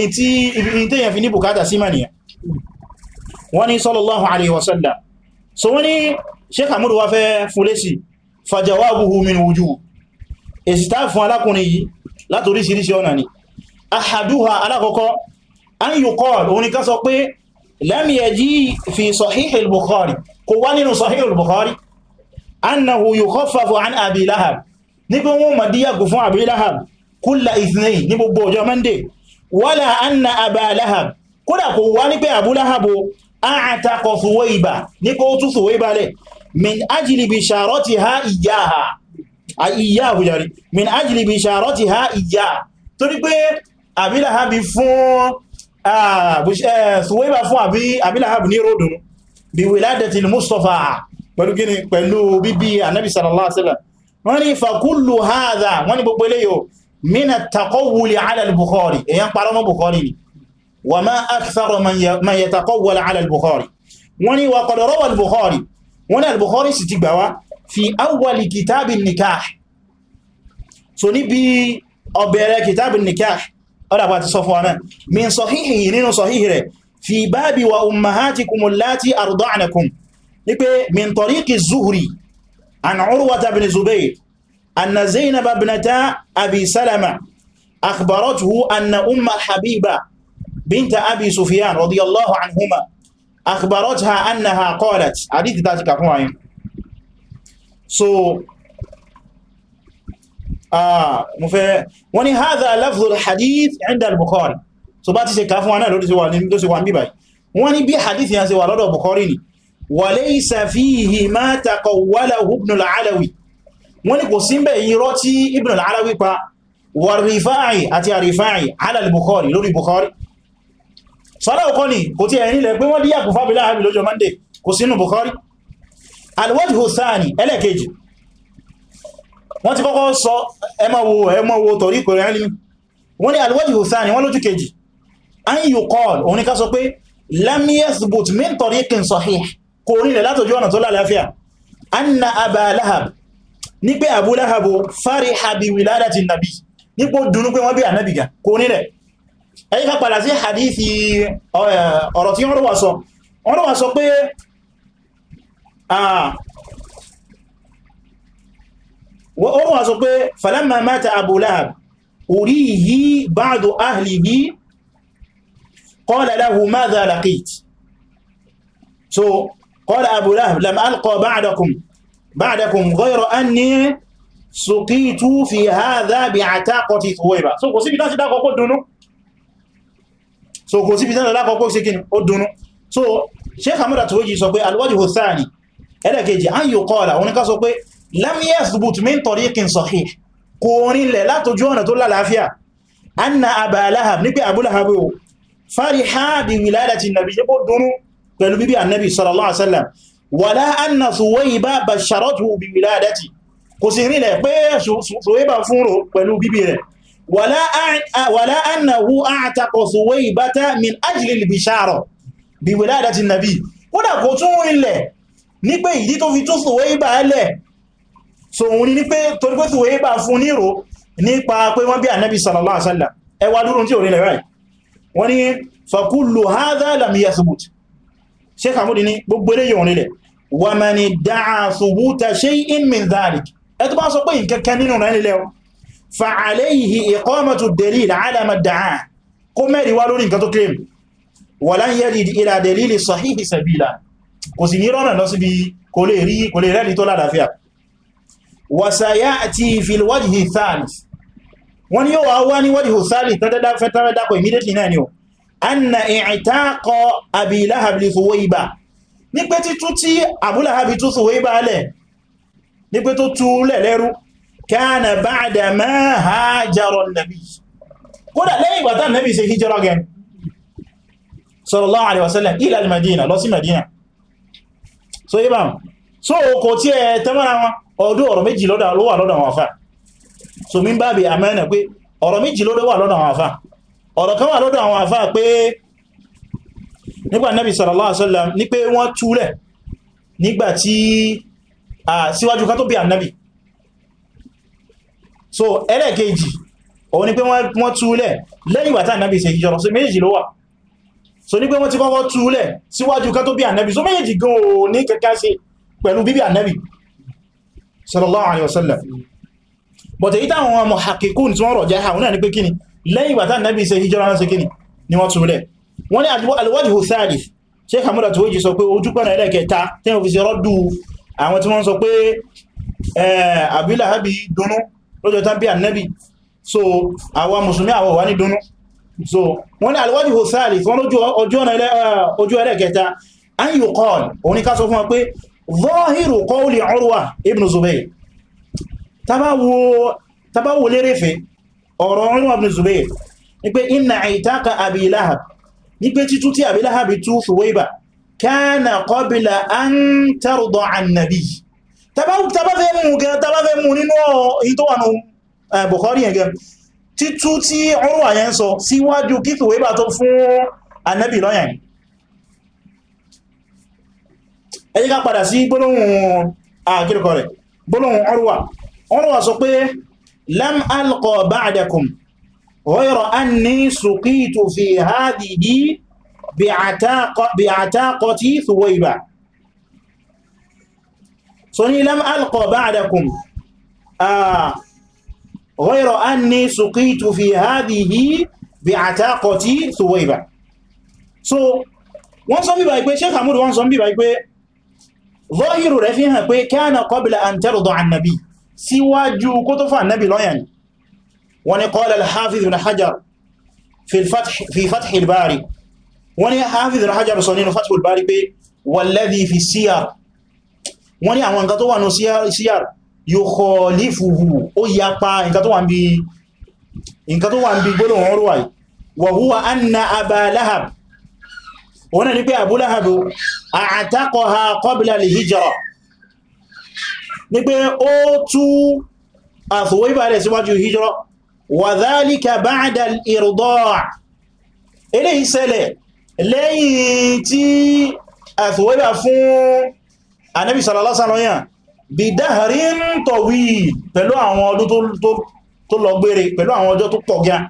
in ti ibi in ti yan fi ní bùkátà sí so wọ́n ní sheikh amúrù wá fẹ́ fún lésì fajawabuhu min wujú èsì tá fún alákùnrin yìí látoríṣiríṣi ọ̀nà ni ahaduha alákọ̀ọ́kọ́ an yuqal òun ni ká sọ pé lam yaji fi sahih al-bukhari kò wá nínú sahih al-bukhari annahu yukhaffafu an abi lahab ní pé wọ́n mọ̀ díyàgò fún abi lahab kulla ithnain ní wala anna aba lahab kódà kò wá ní pé abu àtàkọ̀ fòwò ìbà ní kó tún fòwò ìbà lẹ̀ min ajili bi ṣàrọ́tì ha ìyáha a ìyáhu yàrí min ajili bi ṣàrọ́tì ha ìyá torí pé àbíláhàbí fún fòwò ìbà fún àbíláhàbí ní ròdùn bí wìládẹ̀tì Mustafa pẹ̀lú gíní pẹ̀lú bíbí ànábì sallallahu alaihi wasallam wọ́n ní fàkúlù hadha wọ́n ní gbogbo eléyò wa ma akthar man yataqawwal ala al-bukhari wọ́n ní wa qad rawa al-bukhari wọ́n ní al-bukhari sì ti gbà wá fi awwali kitabi nikah so níbi ọbẹ̀rẹ̀ kitabi nikah ọdàbà ti sọ fún wa náà min sahihi nínú sahihi rẹ̀ fi bábi wa ummahatikum allati arda'nakum ní pé min tariqi zuhri an urwata bin zubayr anna zainab ibnata abi salama akhbaratuhu anna umma habiba بنت أبي سفيان رضي الله عنهما أخبرتها أنها قالت حديث ذاتك أخوان so آه مفه وني هذا لفظ الحديث عند البخاري so bá ti ṣe kà fún wa náà lórí tó ṣe wà ní báyìí wọ́n ní bí hadith yẹn ṣe wà lọ́dọ̀ bukhari ni walaysa fihi ma taqawwalahu ibn al-alawi wọ́n ní kò sí ń bẹ̀ yí rọ́ tí ibn al-alawi pa wa rifa'i àti àrífáì ala al-bukhari lórí bukhari sọ́dá ọkọ́ ni kò tí ẹ̀rin lẹ pé wọ́n díyà kò fábílá àbí lójọ monday kò sínú bukhari alwajhu thani ẹlẹ́kejì wọ́n ti kọ́kọ́ sọ ẹmọ́wò ẹmọ́wò torí kò rẹ̀ ẹ̀rin wọ́n ni alwajhu thani wọ́n lójú kejì an yuqal òun ni ká sọ pé lam yathbut min tariqin sahih kò rí lẹ̀ látọjú ọ̀nà tó lálàáfíà anna aba lahab wọ́n bí ànábìgà kò rí ẹ̀yí ká padà sí hadithi eh, ọ̀rọ̀ tí wọ́n wà sọ wọ́n wà sọ pé ah, wọ́n wà sọ pé falamma mata Abu Lahab urihi ba'du ahlihi qala lahu madha laqit so qala Abu Lahab lam alqa ba'dakum ba'dakum ghayra anni suqitu fi bí láti so kò síbi tánà lákọ̀ọ́kọ́ sí kí ó dúnú so Sheikh Ahmad At-Tuwaji sọ pé al-wajhu ath-thani ẹlẹ́kejì an yuqala òun ká sọ pé lam yathbut min tariqin sahih kò rinlẹ̀ látojú ọ̀nà tó lálàáfíà anna Aba Lahab ní pé Abu Lahab o fariha bi wiladati nabi ṣe kó dúnú pẹ̀lú bíbí annabi sallallahu alaihi wasallam wala anna Suwayba pẹ̀lú bíbí rẹ̀ wàlá ah, annahu a'taqa Suwaybata min ajli al-bishara bi wiladati an-nabi kódà kò tún ilẹ̀ ní pé ìdí tó fi tún Suwayba lẹ̀ so òun ni pé torí pé Suwayba fún níro nípa pé wọ́n bí ànábì sallallahu alaihi wasallam ẹwà dúró tí ò rí lẹ́rẹ́ فعليه إقامة الدليل على ما ادعاه قم ماري والورين كتكريم إلى دليل صحيح سبيلا كسنيرون نصبي كوليري كوليري تولا دافيا وسيأتي في الوجه الثالث wọ́n ni yóò wá wá ní wọ́dí hùsáàlì tó dẹ́dá fẹ́ tẹ́rẹ dákọ̀ immediately náà ni ó anna i'taqa Abi Lahab li Thuwayba ní pé títú tí Abu Lahab tú Thuwayba lẹ̀ ní pé tó tú lẹ̀ lẹ́rú kana ba'da ma hajara nàbí kódà lẹ́yìn ìgbà tán nàbí ṣe hijira gẹn sallallahu alaihi wasallam ila al-Madina lọ sí Madina so ibam so kò tí ẹ tẹ́mọ́ra wọn ọdún ọ̀rọ̀ méjì lọ́dà ló wà lọ́dà wọn fà so mi bá bí amẹ́nà pé ọ̀rọ̀ méjì lọ́dà wà lọ́dà wọn fà ọ̀rọ̀ kan wà lọ́dà wọn fà pé nígbà Nabi sallallahu alaihi wasallam pé wọ́n túlẹ̀ nígbà tí síwájú ká tó bí annabi so ẹlẹ́ẹ̀kejì òun ni pé wọ́n túúlẹ̀ lẹ́yìn wà tí ànábì ṣe ìjọba so méjì ló wà so ní pé wọ́n ti kọ́kọ́ túúlẹ̀ síwájú ká tó bí ànábì so méjì gan ò ní kẹta ṣe pẹ̀lú bíbí ànábì sallallahu alaihi wasallam but èyí táwọn ọmọ hakikun tí wọ́n rọ̀ jẹ́ àwọn náà ni pé kíni lẹ́yìn wà tí ànábì ni wọ́n túúlẹ̀ wọ́n ní alwajhu thalith Sheikh Hamad Atuweji sọ pé ojúpọ̀nà ẹlẹ́kẹta tí wọ́n fi ṣe rọ́dù àwọn tí wọ́n lọ́jọ́ tán bí annabi so àwa musulmi àwa wà ní dúnú so wọ́n ni alwájú ho sáàlì fún ojú ẹlẹ́kẹta an yíò kọ́ọ̀lù òun ni ká sọ fún wa pé zọ́hírù kọ́ọ̀lì Urwa ibn Zubayr tabawo lérèfẹ́ ọ̀rọ̀ Urwa ibn Zubayr ni pé inna ìtaka Abi Lahab ni pé títú tí kana qabla an tarda an nabi tàbá fẹ́ mú gan tàbá fẹ́ mú nínú èyí tó wà ní eh, Bukhari yẹn gan títú tí ọrùn àyẹ́ ń sọ síwájú kíkù wébà tó fún Ànábì lọ́yàn ẹ jẹ́ ká padà sí gbólóhùn àkírkọ rẹ̀ gbólóhùn ọrùwà ọrùwà sọ pé lam thuwayba so ní lam alqa ba'dakum ah, ghayra anni suqitu fi hadhihi bi Thuwayba so wọ́n sọ bíbá ìpé Sheikh Hamud wọ́n sọ bíbá ìpé zọ́hìrù rẹ̀ fi hàn pé kana qabla an tarda an nabi síwájú kó tó fà nabi lọ́yà ni wọ́n ni qala al-Hafiz ibn Hajar fi Fath al-Bari wọ́n ni Hafiz ibn Hajar sọ nínú Fath al-Bari pé walladhi fi siyar wọ́n ní àwọn nǹkan tó wà ní síyàr yóò kọ́ lífùhù ó yapa nǹkan tó wà ń bí gbólóhùn ọrọ̀ wáyìí wàhúwa anna abá wọ́n ní pé abú àtàkọ̀ ha qabla al-hijra ní pé ó tú àfòwé ìbàrẹ̀ síwájú hijra wa dhalika ba'da al-irda' Ànábì sallallahu alaihi wasallam yàn bí dahrin tawil pẹ̀lú àwọn ọdún tó lọ gbére pẹ̀lú àwọn ọjọ́ tó pọ̀ gan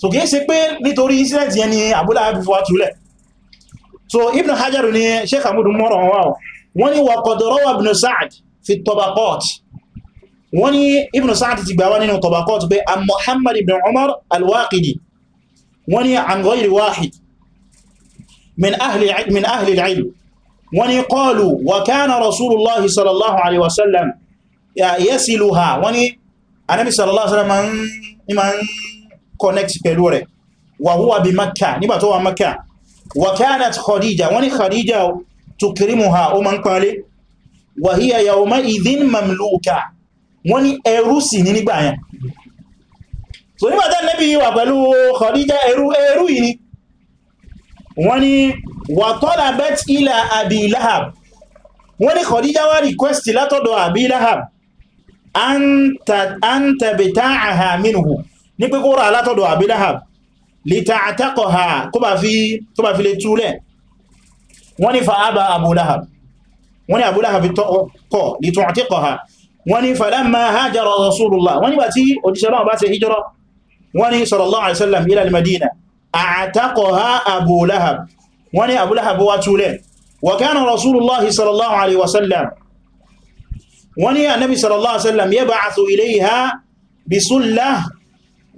so kìí ṣe pé nítorí incident yẹn ni Abu Lahab fi wá túlẹ̀ so Ibn Hajar ni Sheikh Hamudu mọ́rọ̀ wọn wá wọ́n ni wa qad rawa Ibn Sa'd fi Tabaqat wọ́n من أهل Sa'd wọ́n ni qalu wa kana rasulullahi sallallahu alaihi wasallam yasiluha wọ́n ni anábi sallallahu alaihi wasallam ma ń connect pẹ̀lú rẹ̀ wa huwa bi makka nígbà tó wà makka wa kanat khadija wọ́n ni khadija tukrimuha o ma ń pàálé wa hiya yawma idhin mamluka wọ́n ni ẹrú sì ní nígbà yẹn so nígbà tá nẹ́bí wà pẹ̀lú khadija ẹrú yìí ni wọ́n ní wàtọ́lá bet ila abi lahab wọ́n ní Khadija wá request látọ̀dọ̀ abi lahab an tàbítà àhà minhu ní pé kó rà látọ̀dọ̀ abi lahab lè ta àtàkọ̀ ha kó bá fi lè túlẹ̀ wọ́n ní fa'aba abu lahab wọ́n ní abu lahab kọ̀ lè tún àtàkọ̀ ha wọ́n ní falamma hajara rasulullah wọ́n ní bá tí òjíṣẹ́ àtàkọ̀há Abu Lahab wọ́n ní Abu Lahab wá túlẹ̀ wa kana rasulullahi sallallahu alaihi wasallam wọ́n ní annabi sallallahu alaihi wasallam yab'athu ilayha bisullah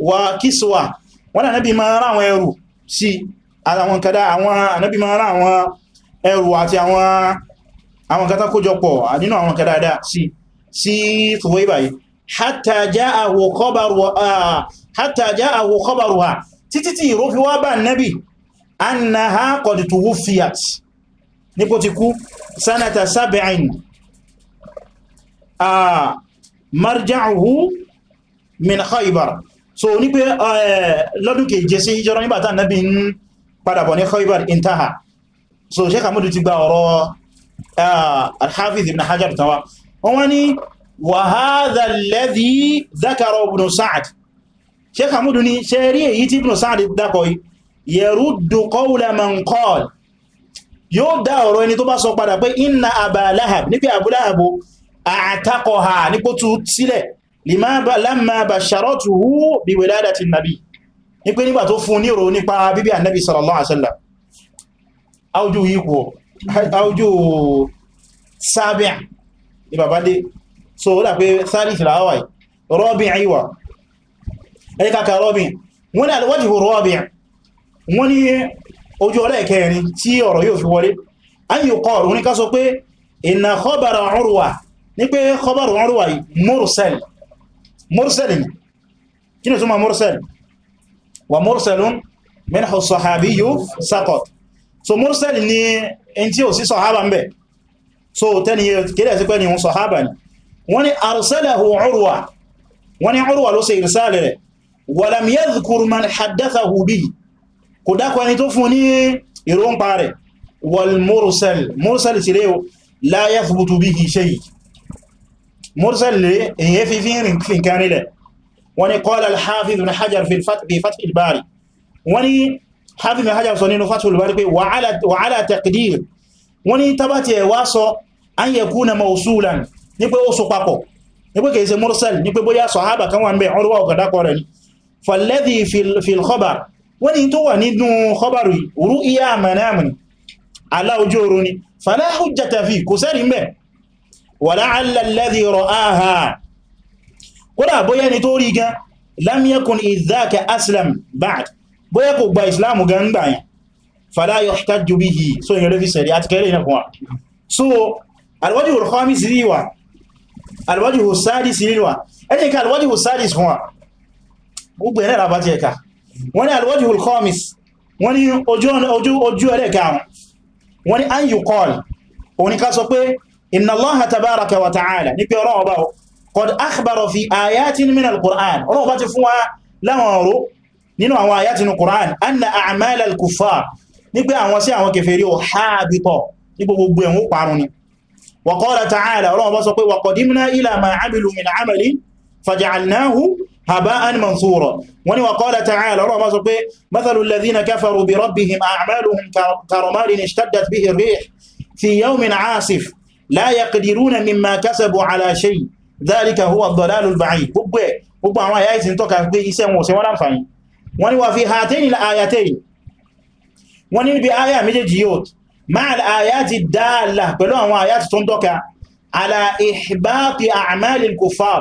wa kiswa wọ́n annabi ma ra àwọn ẹrù sí àwọn kada àwọn annabi ma ra àwọn ẹrù àti àwọn àwọn kata kójọpọ̀ nínú àwọn kada da sí sí tuwaibayi hatta ja'ahu khabaru ah, hatta títí tí ìró fi wá bá nẹ́bì annaha qad tuwufiyat nípo ti kú sanata sab'in a ah, marja'uhu min khaybar so ní pé eh, lọ́dún keje sí hijira nígbàtà nẹ́bì ń padà bọ̀ ní khaybar intaha so sheikh amudu ti gba ọ̀rọ̀ ah, al-hafiz ibn hajar tawa wọ́n wá ní wa hadha alladhi dhakara sheikh hamudu ni ṣe rí èyí tí ibn sáàdì dákọ̀ yaruddu qawla man qala yóò dá ọ̀rọ̀ ẹni tó bá sọ padà pé inna Aba Lahab níbi Abu Lahab a'taqaha nípò tú sílẹ̀ lamma basharatuhu bi wiladati nabi ní pé nígbà tó fún níro nípa bíbí annabi sallallahu alaihi wasallam rọ́bìn àíwá ẹni kàkà rọ́bìn wọ́n ní àlọ́wọ́dì hù rọ́bìn wọ́n ní ojú ọlẹ́ẹ̀kẹrin tí ọ̀rọ̀ yóò fi wọlé ayò kọ́ ọ̀rọ̀ ní ká sọ pé ìnà khabara urwa ní pé khabara urwa yìí so mursal ni in tí sí sahaba ń bẹ̀ so tẹ́ni kéde sí pé ni wọ́n sahaba ni wọ́n ní arsalahu urwa wọ́n ní urwa ló ṣe ìrìsáàlẹ̀ walam yadhkur man haddathahu bihi kò dákọ̀ ẹni tó fún ní ìrọ́npa rẹ̀ wal mursal mursal sí rẹ̀ la yathbutu bihi shay mursal lè èyẹ fi fi rìn fi nǹkan rílẹ̀ wọ́n ni qala al ní pé ó so papọ̀ ní pé kèèsè mursal ní pé bóyá sahaba kan wà ń bẹ̀ ọrọ̀wà ọ̀gàdákọ̀ rẹ̀ ni fàlẹ́dì fìlọ́bàr wọ́n ni tó wà nínú kọbàrù rú iya manamun aláwòjú oró ni fàláhù jatafi kò sẹ́rin bẹ̀ wà láàlẹ́lẹ́dì rọ̀ áhà kódà bóyá ni tó rí gan lámíẹ́kùn ìzáka aslam ba'd bóyá kò gba islamu gan gbà yẹn fàlá yuhtaju bihi so yẹn lófi sẹ̀rí àti kẹrẹ ìnàkùnwà so alwajhu al-khamis gbogbo ẹ̀rẹ́ làbá ti ẹ̀ka wọ́n ní alwọ́jú hulkomis wọ́n ní ojú ẹ̀rẹ́ kàrùn wọ́n ní an yuqal òní ká sọ pé inna Allaha tabaraka wa ta'ala ní pé ọlọ́wọ́ bá qad akhbara fi ayatin min al ta'ala ọlọ́wọ́ bá sọ pé wa qadimna ma 'amilu min 'amalin faja'alnahu هباء منثورا وني وقال تعالى الله ما سو بي مثل الذين كفروا بربهم اعمالهم كرمال اشتدت به الريح في يوم عاصف لا يقدرون مما كسبوا على شيء ذلك هو الضلال البعيد gbogbo gbogbo àwọn àyà ìsìn tọ́ka pé iṣẹ́ wọn ò ṣe wọ́n láǹfààní wọ́n fi hàtẹ́yìn láàyàtẹ́yìn wọ́n ni níbi àyà méjèèjì yóò máa àyà ti dáàlà pẹ̀lú àwọn àyà ti ala ihbati a'malil kufar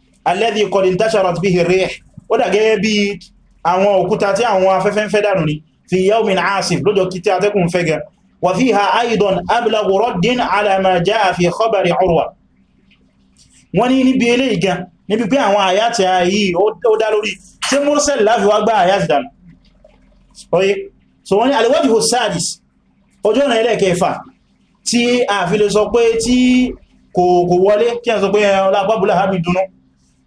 alladhi qad intasharat bihi rih ó dà gẹ́gẹ́ bí àwọn òkúta tí àwọn afẹ́fẹ́ ń fẹ́ dànù ni fi yawmin asif lójò kí tí atẹ́kùn fẹ́ gẹ wa fiha aidan ablagu raddin ala ma jaa fi khabari urwa wọ́n ní níbi eléyìí gan níbi pé àwọn àyàtì yìí ó dá lórí tí mursal láfi wá gbá àyàtì dànù oye so wọ́n ní alwajhu sadis ojú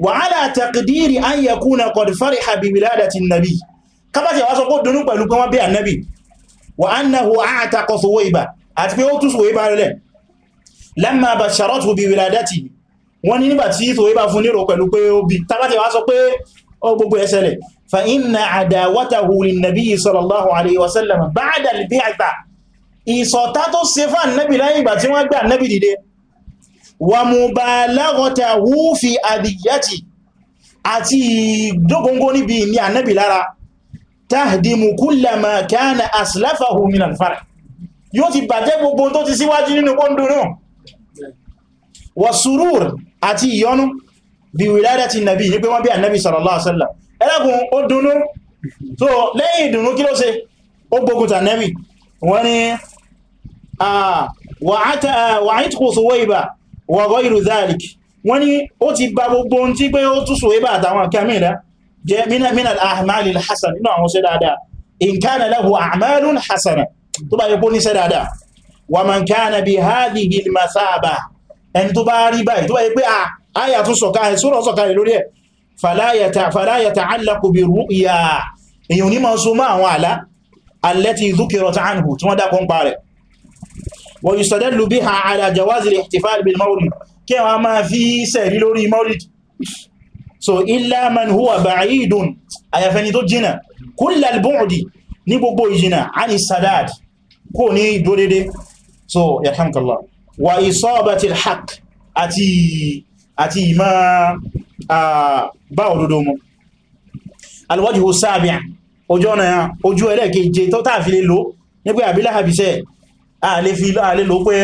wa ala taqdiri an yakuna qad fariha bi wiladati an-nabi kábàtì àwọn sọpọ̀ dúnú pẹ̀lú pé wọ́n bí ànábì wa annahu a'taqa Thuwayba àti pé ó tú Thuwayba rẹ̀ lamma basharathu bi wiladati wọ́n ní nígbà tí Thuwayba fún nírò pẹ̀lú pé ó bí tábàtì àwọn sọ pé ó gbogbo ẹsẹ̀lẹ̀ e fa inna adawatahu lin-nabi sallallahu alayhi wa wà mú bá lágọ́ta wúfì àdìyàtì àti ìdógóngó níbi ní ànábì lára tahdimu kullama kana aslafahu min al-far yóò ti bàjẹ́ gbogbo tó ti síwájú nínú kóndó náà wà surur àti ìyọnú bí wiladati nàbí ní pé wọ́n bí ànábì sallallahu alaihi wasallam ẹlẹ́gùn ah, Suwayba wa ghayru dhalik wọ́n ní ó ti bá gbogbo ohun tí pé ó tún Suwayba àtàwọn kẹmìnà jẹ́ minal a'malil hasan nínú àwọn ṣe dáadáa in kana lahu a'malun hasana tó bá yẹ kó ní ṣe dáadáa wa man kana bi hadhihi al-mathaba ẹni tó bá rí báyìí tó wọ́n yustadallu biha ala jawazi al-ihtifal bil mawlid kí wọ́n máa fi sẹ̀rí lórí mawlid so illa man huwa ba'idun àyàfẹ́ni tó jìnà kulla al-bu'di ní gbogbo ìjìnà ani sadad kò so yarhamkallah wa isabati al-haqq àti àti ìmá bá òdodo mu alwajhu sáàbíà ojú ọ̀nà ojú ẹlẹ́keje tó tààfi lè lò nígbé àbílá àbíṣẹ́ àlè fi àlè ló pé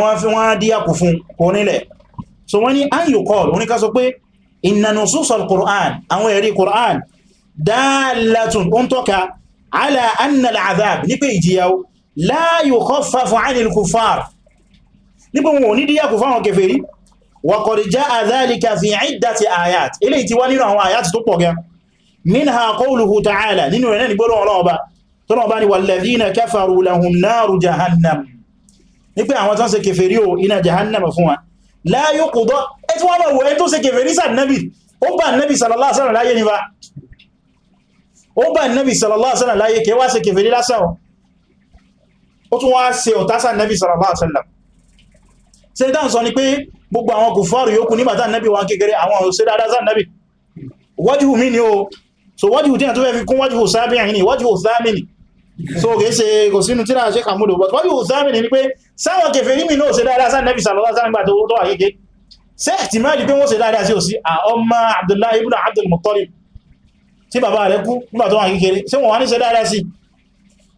wọ́n fi wọ́n díyà kù fún kò nílẹ̀ so wọ́n ni an yóò kọ́ọ̀lù wọ́n ni ká sọ pé ìnànà sọ́sọ̀l Qur'an àwọn ẹ̀rí Qur'an dáàlátún ó ń tọ́ka ala annal azab ní pé ìjìyàwó la yukhaffafu 'anil kuffar nípa wọn ò ní díyà kù fáwọn kèfèrí wa qad ja'a fi 'iddati ayat ilé ìtiwá nínú àwọn ayat tó pọ̀ gan minha qawluhu ta'ala tọ́nà bá ní walladhina kafaru lahum naru jahannam ní pé àwọn tán ṣe kèfèrí o iná jahannam fún wa la yuqda ẹtí wọ́n mọ̀ ẹ tó ṣe kèfèrí sàn nábì ó bá nábì sallallahu alaihi wasallam láyé ní bá ó bá nábì sallallahu alaihi wasallam láyé kẹ wá ṣe kèfèrí lásán ó tún wá ṣe ọ̀tá sàn so wájú tí a tó fẹ́ fi kún so kìí ṣe kò sínú tíra ṣe kàmúlò but wọ́n bí ò sáàmì ní pé sáwọn kẹfẹ́ rí mi náà ṣe dáadáa sáà nẹ́bí sàlọ́lá sáà nígbà tó tó wà kéèké ṣe ti máa di pé wọ́n ṣe dáadáa sí òsí ọmọ Abdullahi ibn Abdul Muttalib tí bàbá rẹ̀ kú nígbà tó wà kékeré ṣe wọ́n wá ní ṣe dáadáa sí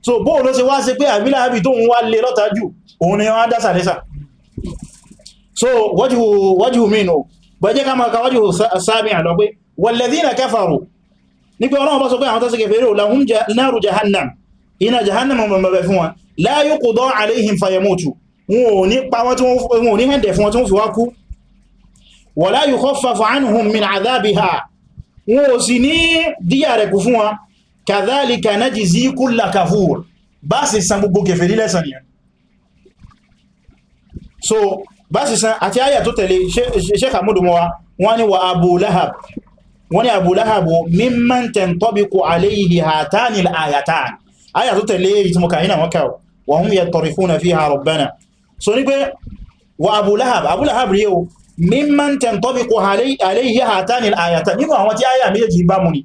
so bó ló ṣe wá ṣe pé àbílà iná jahannama mọ̀ mẹ́bẹ̀ fún wa la yuqda alayhim fayamutu wọn ò ní pa wọ́n tí wọ́n ní hẹ́ndẹ̀ fún wọn tí wọ́n fi wá kú wala yukhaffafu anhum min adhabiha wọn ò sì ní díyà rẹ̀ kù fún wa kadhalika najzi kulla kafur bá sì san gbogbo kẹfẹ́ lílẹ̀ sàn yẹn so bá sì san àti àyà tó tẹ̀lé sheikh amudumowa wọ́n ni wa abu lahab wọ́n ni abu lahab mimman tantabiqu alayhi hatani al-ayatan àyà tó tẹ̀lé èyí tí mo kàyínà wọ́n kàwọ́ wa hum yattarifuna fiha rabbana so ní pé wa Abu Lahab Abu Lahab rí o mimman tantabiqu alayhi hatani al-ayatan nínú àwọn tí àyà méjèèjì bá mu ni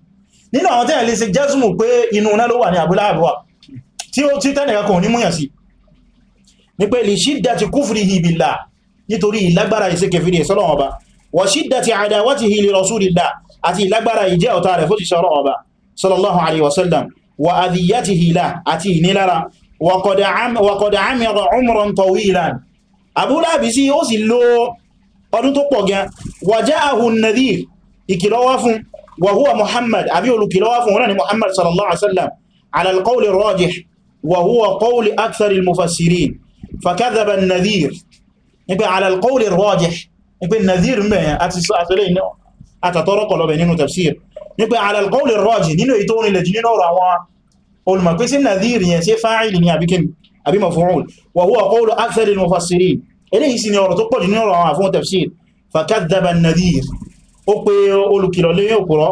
nínú àwọn tẹ́yà lè ṣe jẹ́sùmù pé inú náà ló wà ní Abu Lahab wà tí ó tí tẹ́nìyàn kan ní múyàn sí ní pé li shiddati kufrihi billah nítorí ìlágbára ìṣẹ́kẹfìrí ìsọ́lọ́wọ́ wa shiddati wa adhiyatihi la àti ìnilára wa qad amira umran tawilan Abu Lahabi sí ó sì lò ọdún tó pọ̀ gan wa ja'ahu an-nadhir ìkìlọ́wà fún wa huwa Muhammad àbí olùkìlọ́wà fún wọn ni Muhammad sallallahu alaihi wasallam ala al-qawli ar-rajih wa huwa qawli akthar nípa alàlgọ́ọ̀lì rọ́jì nínú èyí tó ní lè jù nínú ọ̀rọ̀ àwọn olùmọ̀pé sí nàzírí yẹn sí fa'ili ní àbí maf'ul wa huwa qawlu akthar al-mufassirin eléyìí sí ni ọ̀rọ̀ tó pọ̀ jù nínú ọ̀rọ̀ àwọn àfún tafsir fakadhaba an-nadhir ó pé olùkìlọ̀ lé òkúrọ̀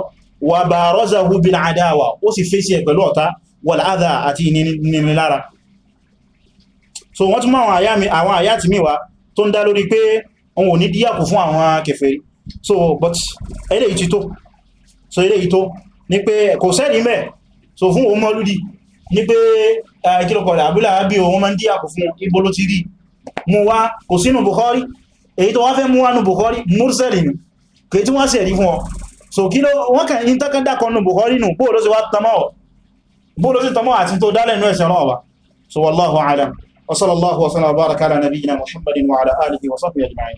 wa barazahu so wọ́n tún mọ́ àwọn àyá ti míwa tó ń dá lórí so but eléyìí ti tó so ilé ìtó ní pé kò sẹ́ni mẹ́ so fún òun mọ́lúdì ní pé kílọ̀kọ̀dà àbúlà bí òun máa ń díyà kò fún ibo ló ti rí mú wá kò sínú Bukhari èyí tó wá fẹ́ mú wá nù Bukhari mursali ni kò tí wọ́n sì rí fún ọ so kí ló wọ́n kàn yín tọ́kàn dákọ̀ nù Bukhari nù bóòló wá tamọ́